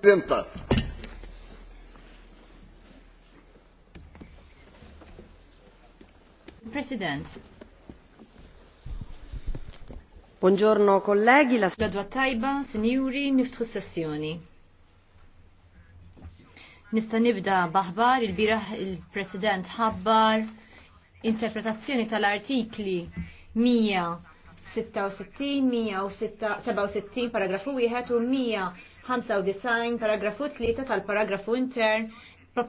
Presidenta. President. Buongiorno kollegi, la Sadwa tajba, sinjuri, niftħu sessjoni. Nista nibda baħbar, il-biraħ il-President ħabbar interpretazzjoni tal-artikli 100 66, 167 paragrafu 1 u 195 paragrafu 3 tal-paragrafu intern